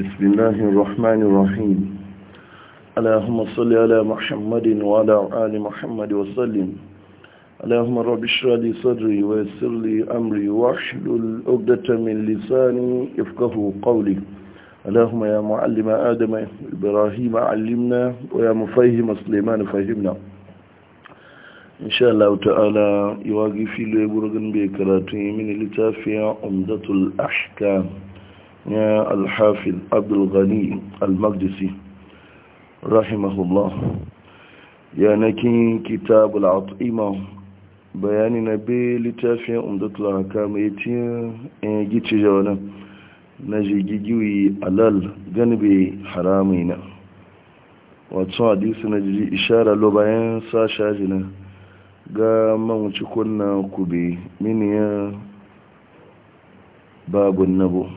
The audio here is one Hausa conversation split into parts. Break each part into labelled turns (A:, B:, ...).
A: بسم الله الرحمن الرحيم اللهم صل على محمد وعلى آل محمد وسلم اللهم رب اشرح لي صدري ويسر لي امري واحلل عقدة من لساني يفقهوا قولي اللهم يا معلم ادم ابراهيم علمنا ويا مفهم سليمان فهمنا ان شاء الله تعالى يواقف لي برغن بكراتي من لتافيا امضه الاحكام ya alhafin abdulgani almagdisi rahimahullah yanakin kitabul at'ima bayani na be littafin umdatul hakam yatin in gici jawana na jigigiwi alal ganibe haramina wato hadisi na jiji ishara lo bayan sasha jina ga mawuci kunna kube miniya babun nabo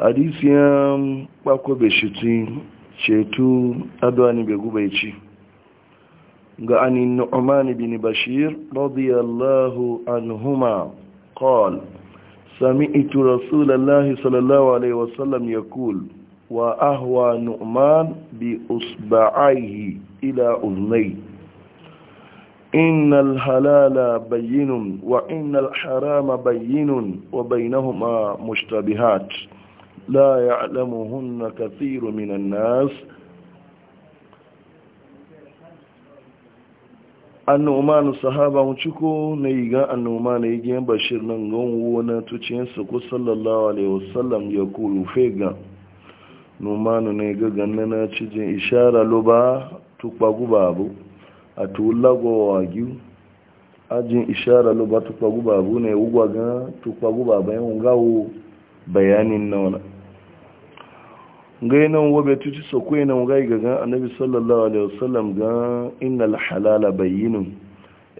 A: bai shi ce, adisiya kpako beshiti cetu adwani begubeci ga ani nu'man bin bashir radiyallahu anhuma qol sami'tu rasulallahi sallallahu alaihi wasallam kul. wa ahwa nu'man bi usba'aihi ila uzni إن الحلال بين وإن الحرام بين وبينهما مشتبهات لا يعلمهن كثير من الناس annoman sahaba mu ciko na yi ga n'oma na yi gen bashir nan ganwo na tuciyarsa ku sallallahu alaihi wasallam ya kuru fega nomanu na ga ganna na cijin ishara loba tukpa guba abu a tuwulago wagi ajin ishara loba tukpa guba abu ne wugwa ga tukpa guba bayan gawo bayanin na wani gainan wabe tuti so kuwa yana ga gan annabi sallallahu alaihi wasallam ga ina halala bayinin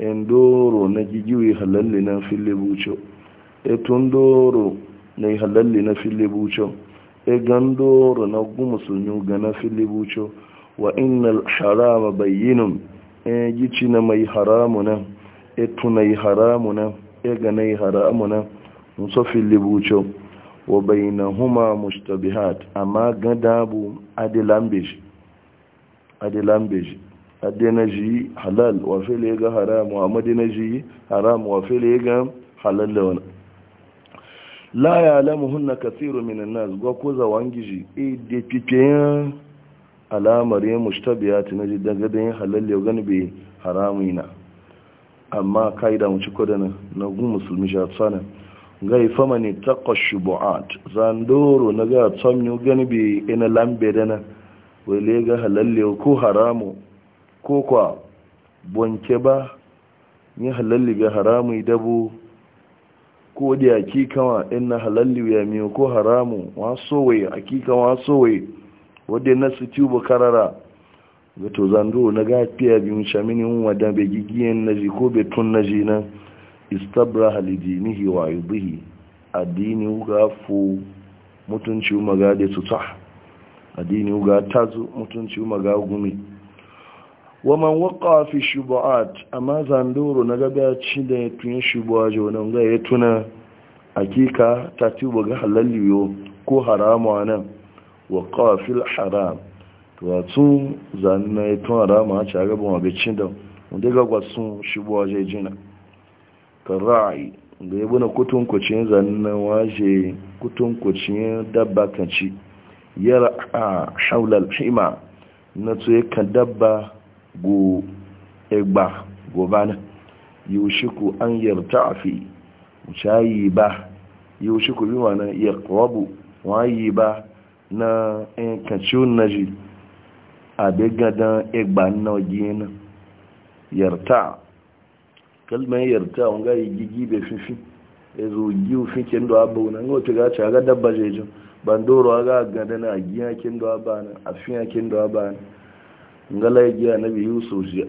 A: in doro na gigiwe halalli na fili buco e tun doro na yi halalli na fili buco e gan doro na gumu sunyu ga na fili buco wa ina harama bayinin e gici na mai haramu e tunai haramu e ga na haramu na musa fili buco wa bainahuma mushtabihat amma gadabu adilambeji adilambeji adinaji halal wa fili ga haram wa madinaji haram wa fili ga halal da wani la ya alamu hunna kasiru minan nas gwa kuza wangiji e de pipiyan alamar yin mushtabiyat na ji daga da yin halal ya gani bai haramu yana amma kaida mu ci kodana na gun musulmi tsana gai fama ne takwas shubu'at zandoro na ga tsamyo gani bi ina lambe da na wale ga halalle ko haramu ko kwa bonke ba ni halalle ga haramu idabu ko da hakika wa ina halalle ya miyo ko haramu waso wai hakika waso wai wadda na su tubu karara ga to zandoro na ga fiya biyun shaminin wadda bai gigiyen naji ko betun naji na istabra halidinihi wa yubihi addini uga fu mutunci umaga da tuta addini uga tazu mutunci umaga gumi waman waka fi shubu'at amma zandoro na gaba ci da ya tun shubu'a jonan ga ya tuna akika ta ci buga halalliyo ko haramu a nan waka haram haram tuwatsun zanna ya tun haramu a ci a gaban wabicin da wanda ga gwasun shubu'a jina. karra'i da ya buna kutunkucin zannan waje kutunkucin dabba kan ci yara a shaular hima na ya kan dabba go egba gobana yushiku an yarta a fi wucayi ba yushiku bi wa na iya kwabu wayi ba na yankacin naji a bigadan egba na gina yarta kalmar yarta wanga yi gigi bai fifi ya zo giyu fi kendo abba wani ga wata gaci ga dabba jejin bandoro ga gada na giya kendo abu na a fiya kendo abu na ngala ya giya nabi yusuf ya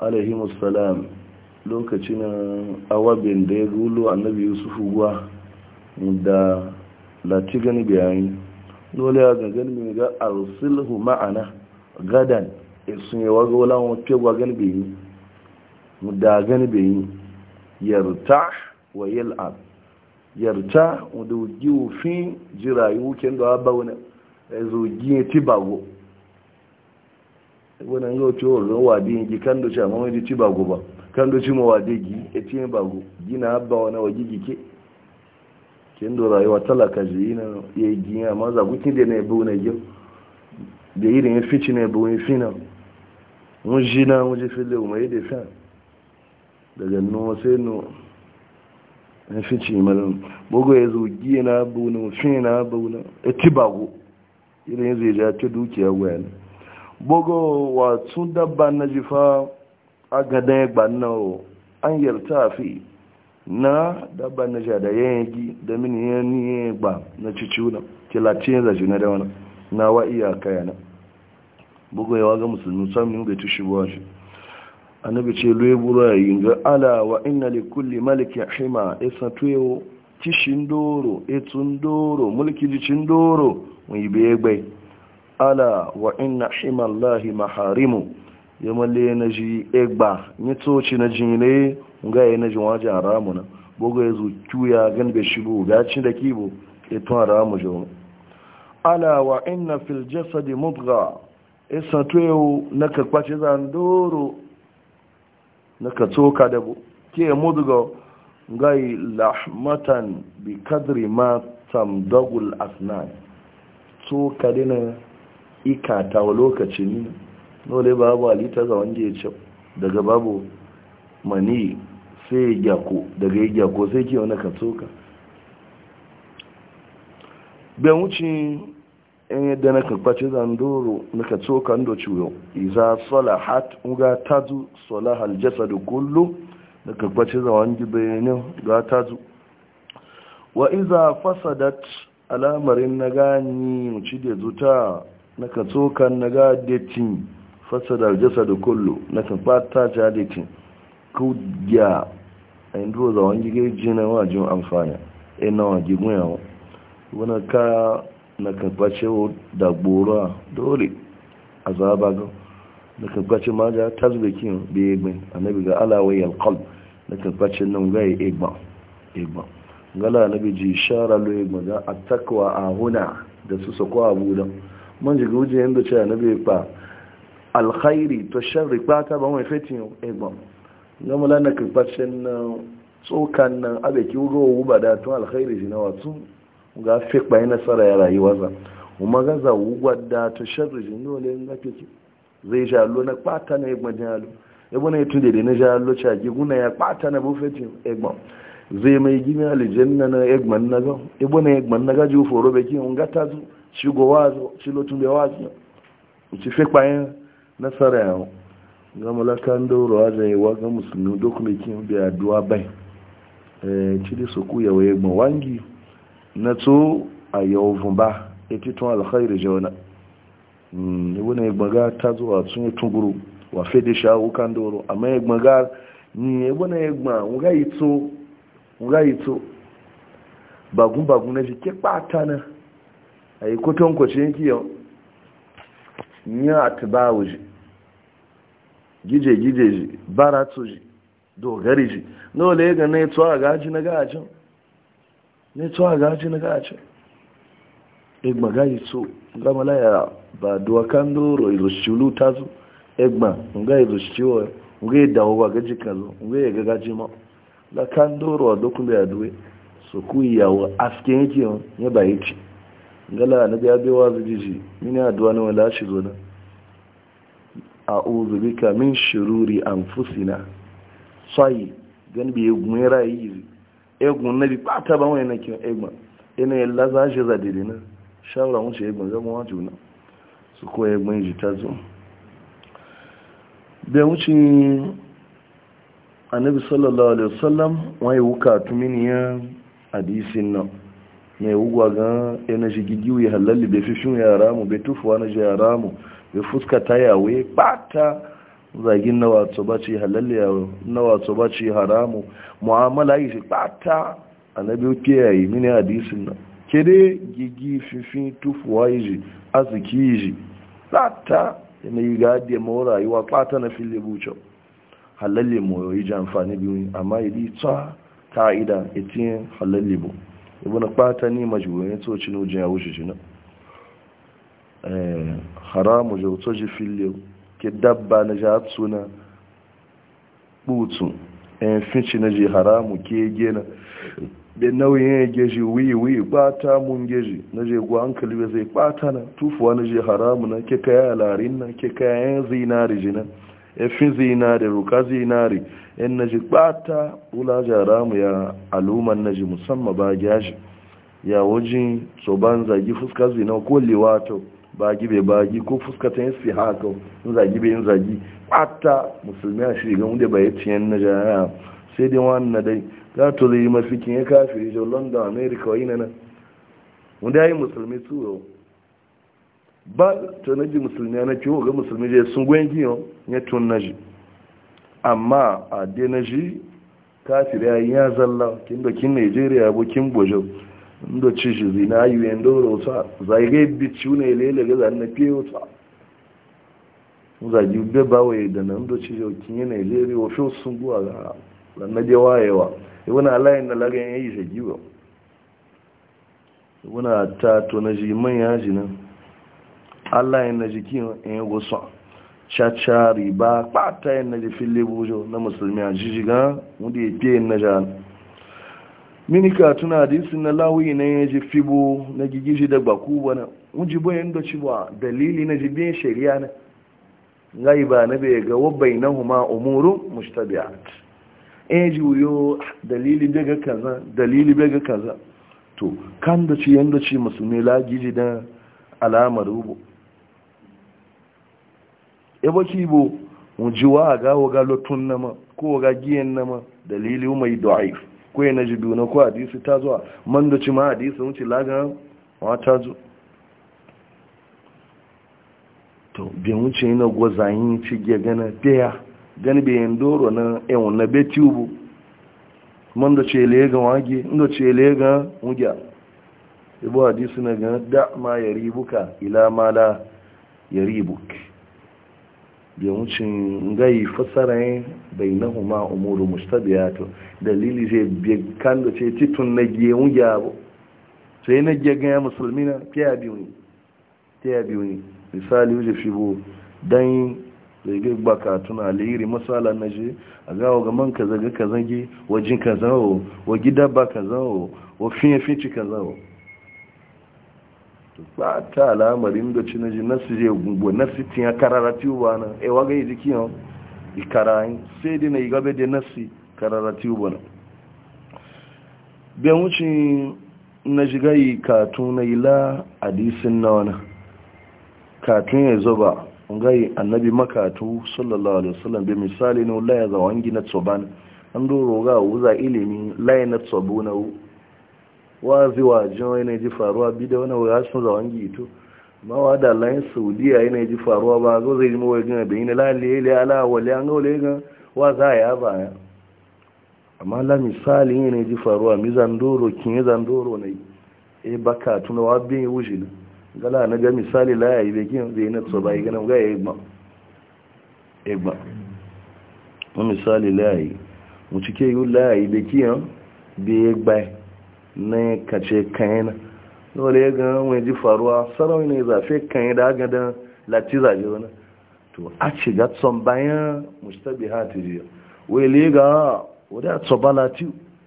A: alaihi musalam lokacin awabin da ya rulo annabi yusuf gwa da latigan bayani dole ya ga gani ga arsilhu ma'ana gadan sun yi wago lan wace gwa gan bayani da gani bai yi yarta wa yal'ab yarta wadda wuki wufin jirayi wukin da ba wani ya zogi ya ti bago wani yau ce wa zuwa wadi gi kan doce amma wani ti bago ba kan doce ma wadi gi ya ti yin bago gina ba wani wa gigi ke kin da rayuwa talaka ji na ya yi gina amma zagukin da na ebe wani yau da irin ya ci na ebe wani fina mun ji na mun ji fili yi da fina daga nosenu sai na fi ce malin bugu ya zogi na bauna fi na bauna ya ti bago irin zai ja ta dukiya waya ne bugu wato dabba na jifa a gada ya gbanna an yarta fi na dabba na jada ya yanki da mini ya ni ya gba na ciciuna kilace ya zaji na dawana na wa iya kayana bugu ya waga musulmi samun bai tushe buwa shi annabi ce lebura ga ala wa inna li kulli maliki hima isa e tuyo kishin doro etun doro mulki jicin doro mun yi begbe ala wa inna hima allahi maharimu ya yamale na ji egba ni toci na jinile ga yi na jin waje haramu na bogo ya zo cuya gan be shibu ga cin da kibo etun haramu jo ala wa inna fil jasadi mudgha isa e tuyo na kakwace zan doro na ka tsoka da ke ga gai lahmatan bi kadri ma tamdagul asnan tsoka dina ikata wa lokacin ni nole babu alita ga wanda ya ce daga babu mani sai ya gyako daga ya gyako sai ke wani ka tsoka ben wucin in yadda na karbace zandoro na ka tsokan da ciwo iza salahat ga tazu salahal da kullu na za wani bayanin ga tazu wa iza fasadat alamarin na gani mace da zuta na ka tsokan na gadetin fasadar da kullu na karbata jadetin kudya a yi duwa za wani na wajen amfani ina wajen wuyawa wani ka na karbace da gbora dole azaba ga na karbace ma ja tasbikin bebe egbe annabi ga alawai alqalb na karbace nan ga igba igba. gala annabi ji shara lo egba ga a ahuna da su sako abuda man ji guje yanda ce annabi ba alkhairi to sharri ba ta ba wani fetin egba gamala na karbace nan tsokan nan abeki ruwa ba da tun alkhairi jinawa tun ga fiɓa yi nasara ya rayuwa za kuma ga za gwada ta sharri jin ne in ga fiki zai jalo na kpata na igba jalo ebo na itu dede na jalo chagi guna ya kpata na bufetin igba zai mai gini aljanna na igba na ga ebo na igba na ga ju foro be ki un gata zu shi go wazo shi lotun da wazo ci fiɓa yi nasara ya ga malakan doro zai wa ga musulmi dokumekin bi addu'a bai eh, ci da su ku wa waye wangi. na tso a yau ba ya titun alkhairu jauna wani gbaga ta zuwa sun yi tunguru wa fede shawo kan doro amma ya gbaga ni ya wani gba nga yi tso nga bagun bagun na shi ke kpata na a yi kuton kwace yanki yau ya atiba wuji gije gije ji bara tso ji dogari ji na wale ga na ya tso a gaji na gajin ne tsawa ga ji na gace egba ga yi so gama laya ba duwa kan doro ilushulu ta zo egba nga ilushiwo nga yi dawo ba gaji kan zo nga yi gagaji ma la kan doro a dokule a duwe so ku yawo asken yake yau ya ba yi ci ngala na biya bewa zu jiji mini a duwa na wala shi zo na a uzubika min shiruri an fusina tsayi gani bai gumera yi egun na bi ɓata ba wani nakin egun ina yi laza shi zadiri na shawara wuce egun zama wa na su ko egun ji ta zo bai wuce anabi sallallahu alaihi wasallam wani wuka tumini ya hadisin nan yi wugwa ga yana shi gigiyu ya halalli bai fi shi yara mu bai tufuwa na shi yara mu bai fuska ta yawe ɓata zagin na wato ba ce halalliya na wato ba ce haramu mu'amala yi fi ɓata a na biyu kiyaye mini hadisin nan kere gigi fifi tufuwa yi ji arziki yi ji ɓata yana yi gadi ma rayuwa ɓata na fili buce halalli mu yi ji amfani biyu amma yi di ta ka'ida itin halalli mu ibu na ɓata ni majiyoyin tsoci na wujen ya wuce shi na eh, haramu jau tsoci fili ke dabba na ja suna butu en finci na ji haramu ke gina da nauyin ya geji wiwi, wiyi bata mun geji na je gwa hankali bai zai bata na tufuwa na je haramu na ke kaya larin na ke kaya yan zinari jina fi zinari ruka zinari yan na je bata wula ji haramu ya aluman na ji musamman ba gyaji ya wajen tsoban zagi fuska zinau ko liwato bagi bai bagi ko fuskata yin su haka in zagi bai yin zagi ɓata musulmi a shiri wanda bai ci na jaya sai dai wani na dai za ta zai yi mafikin ya kafi da london america wa na nan wanda ya yi musulmi tuwo ba ta naji ji musulmi na kiwo ga musulmi je sun gwen giyo ya tun na ji amma a dai na ji kafir ya yi ya zalla kin da kin nigeria abokin bojo ndo ci shi zina yi dole doro sa zaige bici ne lele ga zan na fiye sa zagi ba bawaye da nan ndo ci shi kin ne lele wa fiye sun guwa ga zan na je wayewa ibn alayin da lagayen yayi shi giwa ibn ta to na ji man ya ji nan Allah ya na jiki in go so caca riba kpata yin na ji filibujo na musulmi a jijiga wanda ya fiye na jihar mini ka tuna hadisin na lawi na ya ji fibo na gigiji da baku bana wuji bayan da ci ba dalili na jibin shari'a na ngai ba na bai ga wabai na huma umuru mustabiat in ji wuyo dalili bai ga kaza dalili bai ga kaza to kan da ci yanda ci musulmi la giji da alamar rubo e ba bo wuji wa ga wa ga lotun nama ko ga giyan nama dalili mai da'if ko na ji duna ko hadisi ta zuwa man da ci ma hadisi wuce lagan wa ta zo to bin wuce na gwazayin ci gana daya gani bayan doro na yawon na betubu man da ce lega wage inda ce lega wugya ibu hadisi na gana da ma ya ribuka ila ma la ya buk. biyancin wucin gai fasarai bai na huma umuru mustabiyatu dalili biya kan da ce titun na gemu gyabo sai na giya ya musulmi na fiya biyu ne misali wuce fi bu don zai gaba baka tuna aliri masala na a gawa ga man ka zage ka zage wajin ka zawo wa gida ba ka zawo wa fiye ci ka zawo ba ta lamarin da ci na nasu je gungo nasu tiya karara tuba na e waga yi jiki yau ikarayin sai dina yi gabe da nasu karara tuba na biyan wucin na shiga yi katun na ila hadisin na wani katun ya ba ngayi annabi makatu sallallahu alaihi wasallam bi misali ne la ya zawangi na tsoban an doro ga wuza ilimi la ya na tsobuna wazi wa jan yana ji faruwa bi da wani wuya sun zawon gito ma wa da layin saudiya yana ji faruwa ba zo zai ji mawai gina yi da lalele ala wale an gaule ga wa za a ya baya amma la misali yana ji faruwa mi zandoro kin yi zandoro ne e baka tuna wa bin yi wuce ne gala na ga misali la ya yi bekin zai na tsoba yi gana ga ya yi gba egba wọ́n misali la ya yi mo cike yi la ya yi bekin bai ya na kace na dole ya ga wani ji faruwa sarauni ne zafe kan da aga da lati zaje wani to a ci gatson bayan mustabi ha ta jiya wai le ga wadda a tsoba lati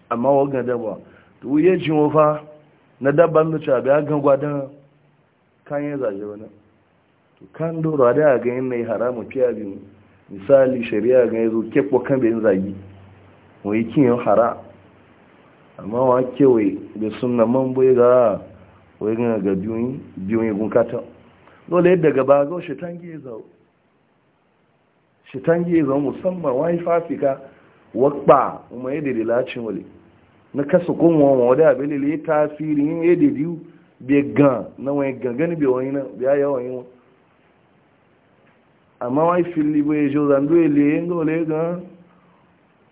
A: amma wagan daba to wuye ji wofa na dabba da cabi a gangwa da kan zaje wani to kan doro da a ga yin na yi haramun fiya biyu misali shari'a ga zo kekwa kan bayan zagi wai kin yin hara amma wa kewaye da suna man bai ga wai gana ga biyun gun dole yadda gaba ga shitangi ya zau Musamman wa yi fafika wakpa kuma yadda da lacin wale na kasa kunwa ma wadda abin da ya tasiri yin yadda biyu bai gan na wani gangan bai wani na biya yawan yi amma wa wani fili bai jo zan dole yin gan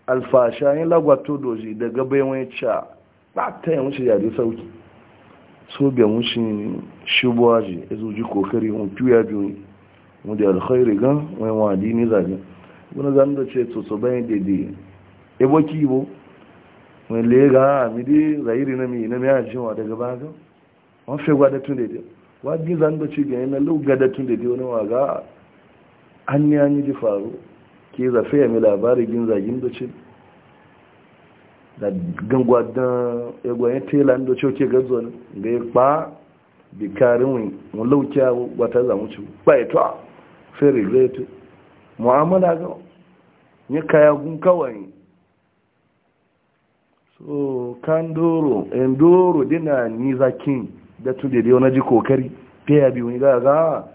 A: alfasha yin lagwato doji daga ca ba ta yi wuce yare sauki so biya wuce ji ya zuji kokari fiya biyu alkhairi gan wani wadi ne wani zan da ce soso bayan daidai ebo kibo wani lega a midi na mi na miya jiwa daga wani tun daidai wadi zan da ce lau tun daidai wani waga faru ke zafi ya mai labari gin zagin doce da gangwa don egwayen tela da coke gazo da ya kpa bi karin wani laukiya wata zamuci ba ya to fere reto mu'amala ga ya kaya gun kawai so kan doro endoro dina ni zakin da tun da na ji kokari fiye biyu ga ga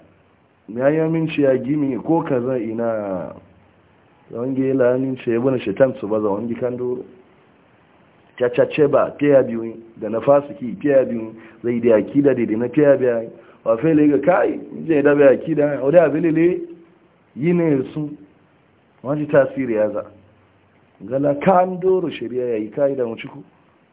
A: ya yi min shi ya gimi ko kaza ina wange lanin ce ya bane shaitan su baza wange kando cacace ba fiya biyu da na fasiki fiya biyu zai da akida da na fiya biya wa fele ga kai je da biya akida o da yi yine su wani tasiri ya za gala kan doro shari'a yayi kai da mu ciku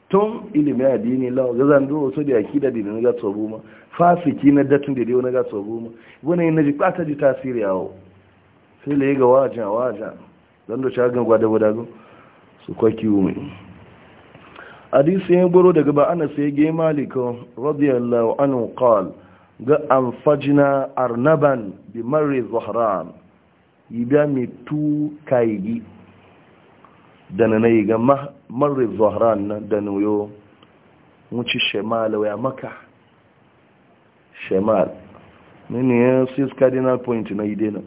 A: tun ilimi addini lawo ga zan do so da akida da na ga tsoro fasiki na datun da dai na ga tsoro wani wannan ne ji kwata ji tasiri yawo sai da yi ga wajen wajen don da shagin gwada wadago su kwaki umi hadisi ya buru daga ba ana sai gai malika radiyallahu anu kawal ga amfajina arnaban bi mari zuhran biya mai tu kayi da na na yi ga mari zuhran na da nuyo wuce shemal waya maka shemal ne ne ya sai skadinal point na idena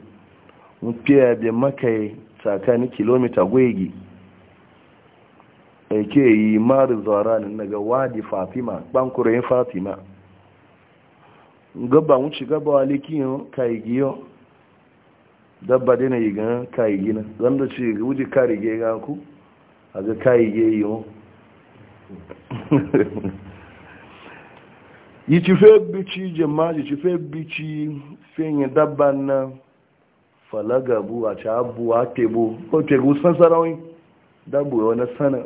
A: maka ya makai tsakanin kilomita gwegi ake yi maru zaranin daga wadi fatima bankurayen fatima gaba wuce gaba walikiyan kaigiyo dabba dina yi gan kaigina zan da ce wuce karige ga ku a ga kaige yi o yi ci fe bici jama'a ci fe bici fiye dabba na falagabu a cabu a tebo ko tebo san sarawin dabu ya wani sana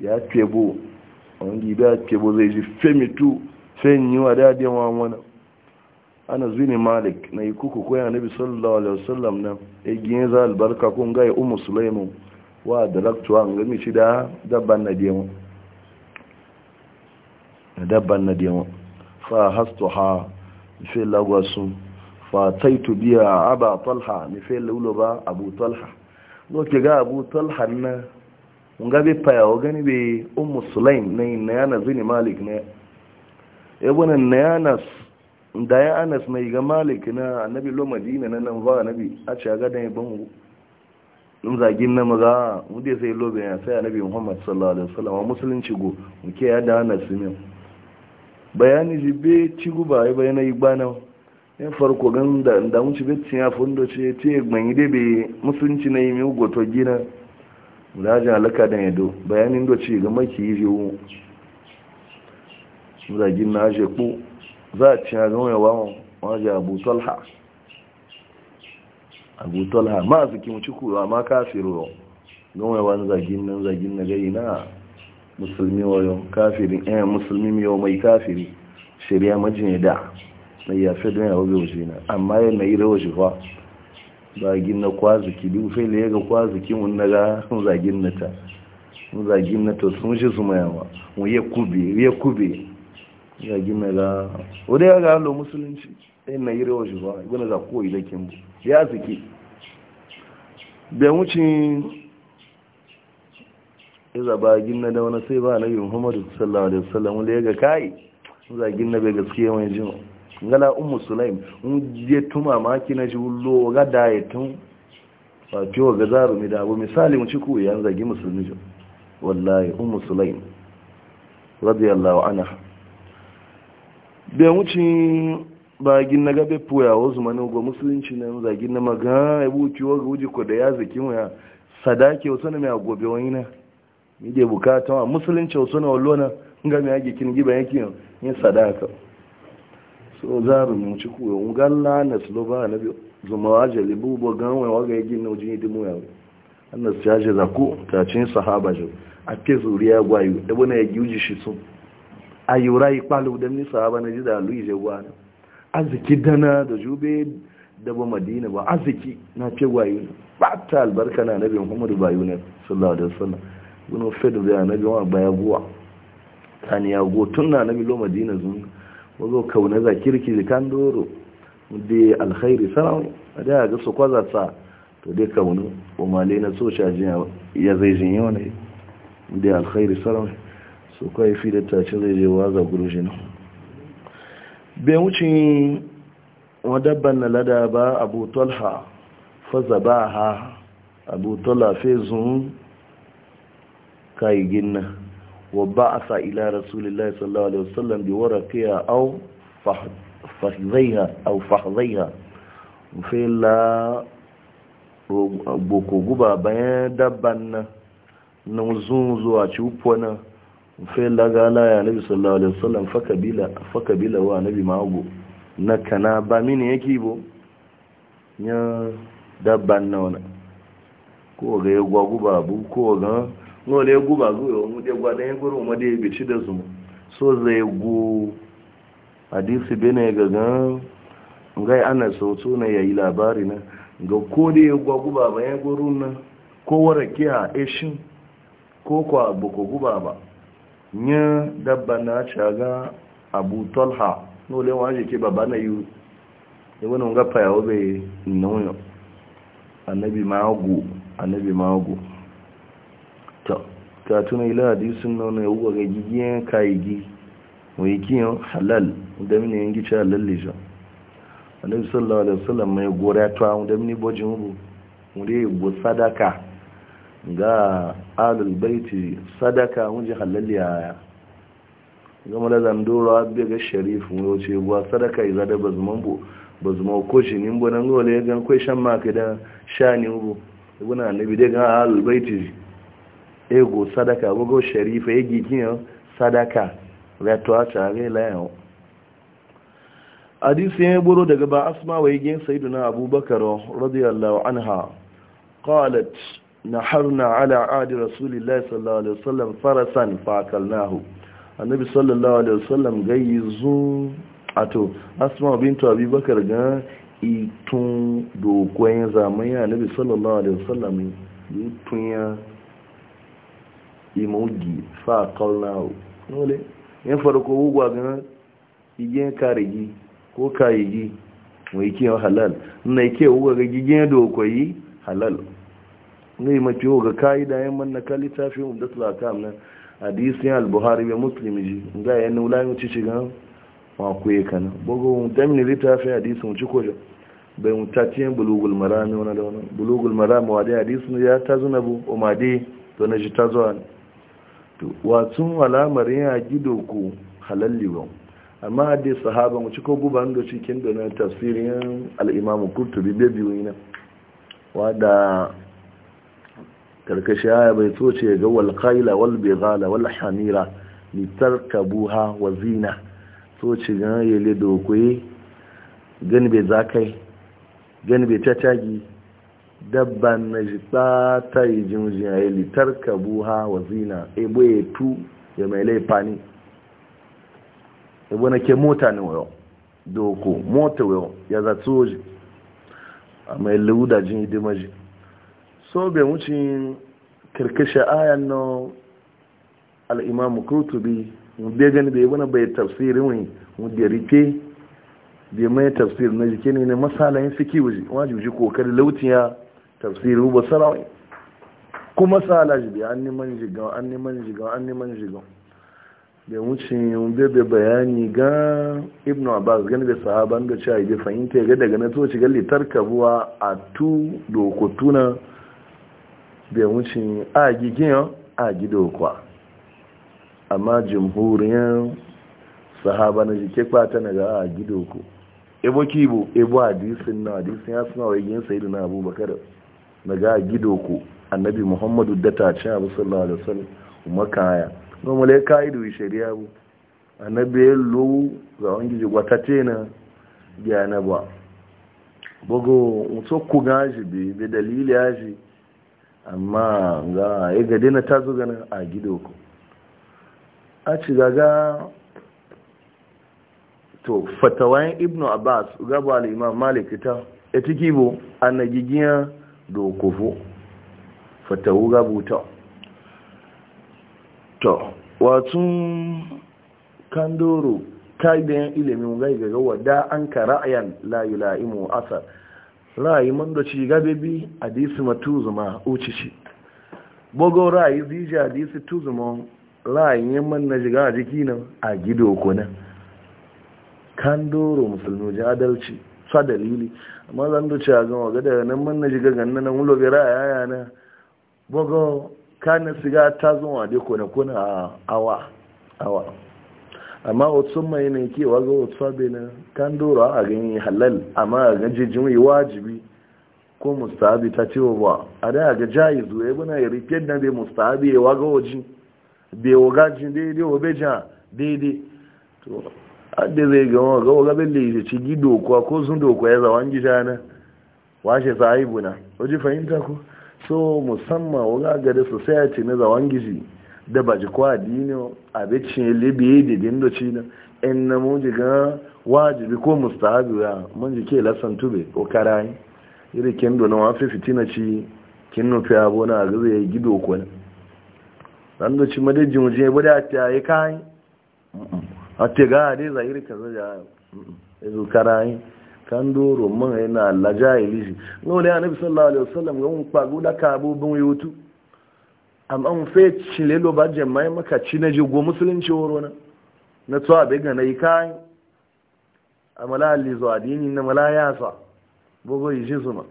A: ya tebo wani gida ya tebo zai ji femitu fen yi wa dadin wa wani ana zini malik na yi kuku koya na bisallawa da wasallam na igiyin za albarka kun gaya umu sulaimu wa da laktuwa an gami shi da dabban na demo dabban na demo fa hastu ha fi lagwasun fataitu biya aba talha mi fe ba abu talha loke ga abu talha na nga be paya o gani be ummu sulaim na na yana zini malik ne e wannan na yana da ya anas mai ga malik na annabi lo madina na nan ba annabi a ci ga dan ban in zagin na maza mude sai lobe ya sai annabi muhammad sallallahu alaihi wasallam musulunci go muke ya da anas ne bayani jibe ci guba ya bayani igbanawa ya farko gan da da mun bitin ya fundo ce ce gbanyi da be musulunci na yi mi goto gina da ja alaka da yado bayanin do ce ga maki yi wu da gina je ku za a ci ga wa waje Abu Talha Abu Talha ma zaki mu ci ku amma kafiro gan wawa zagin nan zagin na gari na musulmi wayo kafirin eh musulmi mai kafiri shari'a majin da na yafe don ya wabe waje na amma ya mai ira waje fa ba gina kwazuki biyu fai da ya ga kwazuki mun na ga sun zagin na ta sun zagin na ta sun shi su mayawa mun ya kube ya kube zagin na ga wadda ya ga halo musulunci ya mai ira waje fa gina za kowai da kin bu ya ziki da wucin iza ba gina da wani sai ba na yi muhammadu sallallahu alaihi wasallam wanda ya ga kai zagin na bai gaskiya mai jima ngala ummu sulaim un je tuma maki na jullo ga tun. ba jo ga zaru mi da abu misali mu ciku yan zagi musulmi jo wallahi ummu sulaim radiyallahu anha be wuci a gina gabe puya wasu mani ga musulunci na zagi na maga ibu kiwo ga e wuji ko da ya zaki mu ya sadake wasu ne mai gobe wani na mi de bukata musulunci wasu na wallona nga mi age kin giba yake yin sadaka so zaru mu ci ku un galla na sloba na bi zuma waje libu bo gan wa waga yin no jini dimu ya annas jaje za ku ta cin sahaba jo a zuri ya gwayu da bana ya giuji shi so. ayura yi kwalu da ni sahaba na ji da luyi je gwa aziki dana da jube da ba madina ba aziki na ce gwayu ba ta albarka na nabi muhammadu bayu ne sallallahu alaihi wasallam wani fedu da nabi wa baya guwa tani ya go tun na nabi lo madina zuwa wazo kauna za kirki kan doro da alkhairi sarau a da ga su kwaza sa to dai kauna o male na so shaji ya zai jin yau ne da alkhairi sarau su kai fi da ta ce zai je waza gurjin bai wuce wadabban na lada ba abu tolha faza ba ha abu talha fe zun kayi ginna وبعث إلى رسول الله صلى الله عليه وسلم بورقها أو فحذيها أو فحذيها فلا boko guba bayan dabban nan na zun zuwa cupo nan fai lagala ya nabi sallallahu alaihi wasallam fakabila wa nabi mago na kana ba mini yake bo ya dabban nan ko ga ya gwaguba ko ga nola ya guba zuwa mu da gwa ya guru ma da ya bici da zuma so zai gu hadisi bene ga gan ga ana sautu na yayi labari na ga ko da ya gwa guba ba ya guru na ko warake a eshin ko kwa boko guba ba nya dabba na shaga abu talha nola wanje ke baba na yu e ya wani ga fayawo bai nan annabi ma gu annabi ma gu ka tuna ila hadisin nan ya uwa ga gigiyen kayigi mai kiyan halal da mini yin gice halal lija annabi sallallahu alaihi wasallam mai gora ta da mini bojin mu mu dai go sadaka ga alul baiti sadaka mun ji halal ya Zama da zandoro abbe ga sharif mu yace gwa sadaka iza da bazuman bu bazman ko shi nin bonan gole gan kai shan maka da shani mu ibuna annabi dai ga alul baiti ego sadaka bugo sharifa ya gikin sadaka rato a tare layan hadisi ya buru daga ba asma wa saidu sayyiduna abubakar radiyallahu anha qalat naharna ala adi rasulillahi sallallahu alaihi wasallam farasan fakalnahu annabi sallallahu alaihi wasallam gayyizu ato asma bintu abubakar ga itun dokoyin zamani annabi sallallahu alaihi wasallam ya ya imogi fa kalnawo nole yin farko wugwa ganin igiyar gi ko gi kayigi mai kiyar halal na ke wugwa ga gigiyar yi halal ne mafi ga kayi da yin manna kalli tafi umar da tulakam na hadisiyan al-buhari bai musulmi ji ga yan nula yin ci shiga makwaye kana bugu damini littafi hadisi mu ci kojo bai mutatiyan bulugul marami wani da wani bulugul marami wa dai hadisi ya ta zuna bu umade to na shi ta zuwa to watsun alamar yana gido ku halalli a amma dai sahaba mu ciko guba da cikin da na tafsirin al-Imam Qurtubi biyu ina wada karkashi aya bai toce ga walƙaila walbegala walhamira bighala kabuha hamira wa zina toce ga da dokuyi gani bai zakai gani bai tatagi dabban na shi ta yi jimjin a yi litar kabuha wa zina ebo ya tu ya mai laifani ebo na ke mota ne wayo doko mota wayo ya zato ji a mai lauda jin hidima ji so bai wuce karkashe ayan na al'imamu kurtubi wadda gani da yabo na bai tafsirin wani wadda rike bai mai tafsir na jike ne na masalayin fiki waje wajen ji kokarin lautiya tafsiru ba sarawai kuma salaj bi an neman jigan an neman jigan an neman jigan da wuce bebe bayani ga ibn abbas gani da sahaban da cewa ibe fahimta ga daga na toci ga litar kabuwa a tu na da wuce a gigin a gidokwa amma jimhuriyar sahaba na jike kwata na ga a gidoko ebo kibo ebo hadisin na hadisin ya suna wa igin sayidu na abubakar daga gido ku annabi muhammadu da ta ci abu sallallahu alaihi wasallam makaya kuma le kaidu shari'a bu annabi ya lo ga wangi ji wata tena ya na ba bogo mutso ku gaji bi bi dalili shi amma ga ya gade ta tazo gana a gido ku a ci gaga to fatawan ibnu abbas gaba al-imam malik ta etikibo annagigiyar dokufu fatawu buta to wato kandoro kaidayen ilimin gai ga da an kara ayan layi la'imu asar ra'ayi man da ci gabe bi hadisi matuzuma uci shi bugo ra'ayi zija hadisi tuzuma ra'ayin yamman na jiga a jiki nan a gido kuna kandoro musulmi adalci sa dalili amma zan duce a gama ga daga nan man na shiga ganna nan wulo bera a yaya na bugu kana siga ta zuwa dai kone kone a awa awa amma otun mai ne ke wazo otun abe na kan dora a ganye halal amma a jijin yi wajibi ko mustahabi ta ce wa ba a da ga jayi zuwa ya buna ya rike na bai mustahabi ya waga waji bai waga daidai wa bai ja daidai adda zai gama ga waga belle ya ci gido kuwa ko sun dokuwa ya zawan gida na washe sahibu na waje fahimta ko so musamman waga gada society na zawan gizi da baji kwa dino a bacin libiye da dindoci na in na mun jiga wajibi ko mustahabi ya mun jike lasan tube ko karayi iri kin dona wa fi fitina ci kin nufi abona a gaza ya gido kuwa dan doci madajin waje ya bude a tiyaye kayan wata ga dai zahiri ka zaja yanzu karayi kan doro man yana laja ilishi N'o ya nabi sallallahu alaihi wasallam ga mun kwago da ka abubuwan yutu amma mun fe cile lo ba jama'i maka ci na go musulunci woro na na to abe ga nayi kai amala ali zo adini na mala ya sa bogo yi zuma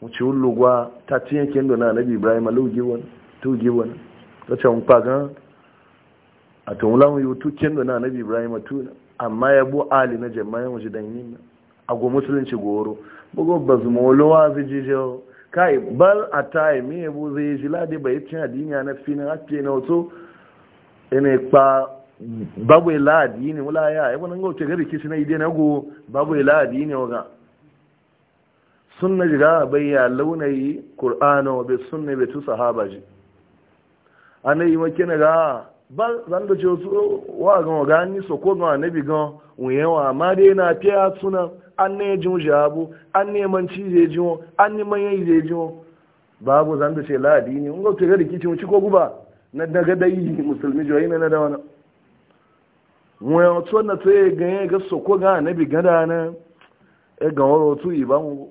A: mu ci ulugwa ta tiyan kendo na nabi ibrahim alu giwon tu giwon ta ce mun kwagan a tun lamu yi wutu kendo na anabi ibrahim tuna amma ya bu ali na jama'a waje dan yin a go musulunci goro su molo wa zijijo kai bal a tayi mi ya bu zai ji ladi bai cin adiniya na finin ake na wato ina pa babu ila e ne wula ya ya wani go ce gari kishi na ide na go babu ila e adini waga sunna jiga bayya launayi qur'ano bai sunna bi tu sahabaji anayi makina ga ba zan da ce wasu wa ga ga ni so ko ga nabi ga wuyewa amma dai na fiya suna an ne jin jabu an ne man ci je jin an ne man yi je ji babu zan da ce ladi ni ungo to ga rikici mu ci ko guba na daga dai musulmi joyi na da wannan wuya to na to e e ga ga so ko ga nabi ga da na e ga woro tu iban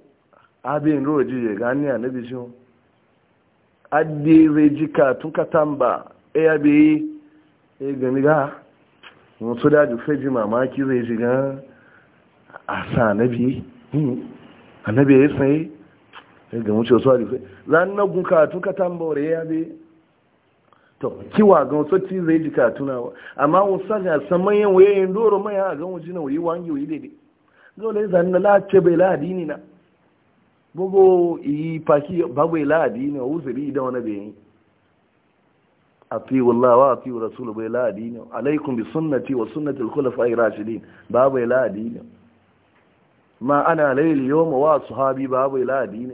A: abin roji e je ga ni annabi jin adde zai jika tun katamba e abi sai gami ga mutu daji feji mamaki zai shiga a sa anabi anabi ya sai sai ga mutu wasu alife zan na gunka tuka tambore ya bi to kiwa ga zai ji ka tunawa amma wasu ga saman yin waye yin doro mai a ga wajen wuri wangi daidai dole zan na lace bai ladi ni hmm, gbogbo bugu faki atiu Allah wa atiu Rasul bai la adini alaikum bi sunnati wa sunnati al-khulafa'i rashidin ba bai la adini ma ana layli yawm wa sahabi ba bai la adini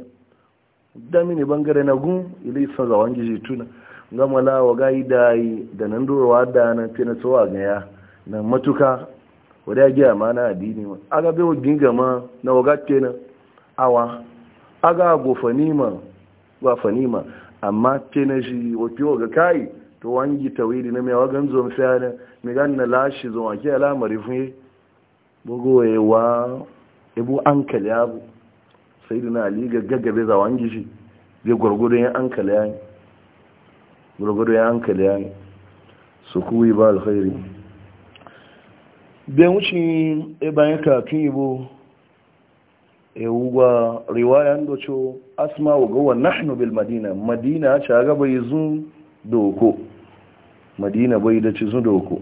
A: da mini bangare na gun ilai sa za wangi jituna gama la wa gai dai da nan durowa da nan tana tsawa ga ya nan matuka wada gi amana ma aga bai ginga ma na waga kenan awa aga gofanima gofanima amma tana shi wa wato ga kai to wangi tawili na mewa gan zo mfiya na mi gan na lashi zo a ke alamari fun bugo wa ibu an ya bu sai dina ali ga gaggabe za wangi shi zai gwargwado ya ankal ne gwargwado ya ankal ne su kuwi ba alkhairi bi wucin ya bayan kafin ibo ewuwa riwayan docho asma wa gowa nahnu bil madina madina ta gaba zuwa doko madina bai da ci su doko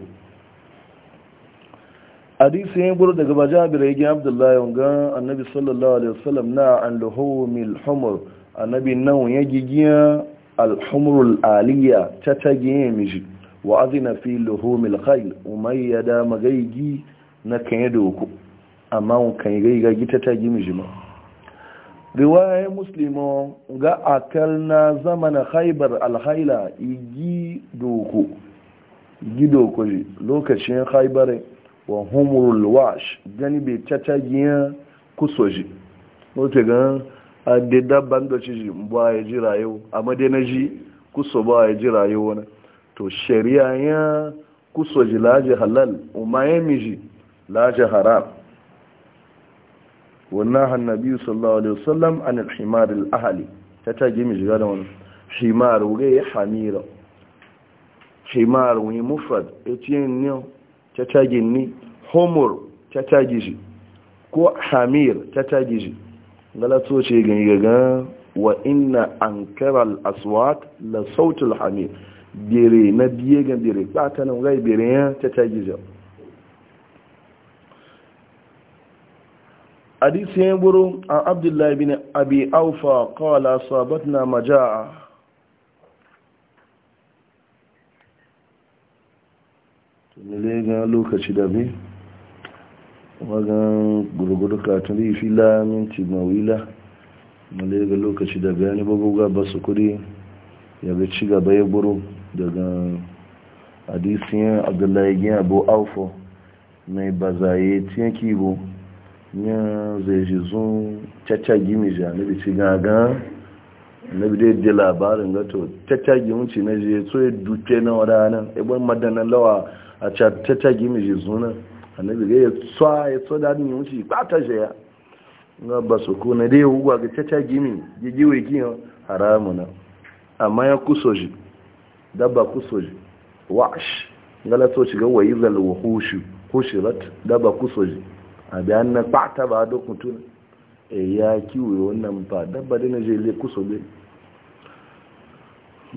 A: hadisi ya buru daga bajabir ya gina abdullahi wanga annabi sallallahu alaihi wasallam na an lahomil humur annabi nan ya gigiya alhumrul aliyya ta tagiye miji wa azina fi umar ya umayyada magaigi na kanye doko amma kan yi gaigagi ta tagi miji ma riwayar muslimo ga akal na zamanin haibar alhaila igi doko lokacin haibar wa humrul wash gani bai cacagiyar kusoji wata gan adidab bangaci ba ya ji rayu a madina ji kuso ba ya ji rayu wani to shari'a ya kuso ji laji halal umayami ji laji haram wannan hannabi sallallahu alaihi wasallam an al-himar al-ahli ta tage mi jiga da wani himar wuri hamira himar wani wuri mufrad etin ni ta ta tage ni homur ta tage shi ko hamir ta ta tage shi galato ce gangaga wa inna ankara al-aswat la sautul hamir dire na biye gan dire ba ta nan gai dire ta tage shi hadisi ya buru an abdullahi bin abi aufa kawala sabatna maja'a tunile ga lokaci da bi wagan gurguru katun fila minti mawila tunile ga lokaci da bayani babuga ba su kuri ya bi ci gaba ya buru daga hadisi ya abdullahi gina abu aufa mai bazaye tiyan kibo ya zai ji gimi ji annabi ci gaga labarin gato na je so ya e duke na wadana ibon e madana lawa a caccagi mai ji zunan annabi ga ya tsa ya tsa da ni ta na ba su na dai hugwa ga caccagi mai gigi wai kiyan amma ya kuso dabba kuso shi wa hushu hushirat dabba a bayan na ɓata ba duk mutum e ya kiwo wannan ba dabba da na jele kusa bai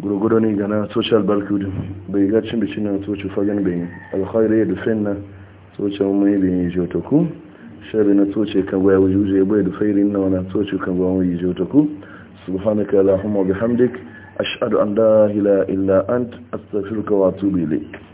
A: gurgudu ne gana social barcode bai ga cin bishin na soci fagen bai alkhairu ya dufin na soci mai bai yi ku shari na soci kan gwaya wujuje bai dufairin na wana soci kan gwaya wuyi ku subhanaka allahumma bihamdik ashhadu an la ilaha illa ant astaghfiruka wa atubu ilayk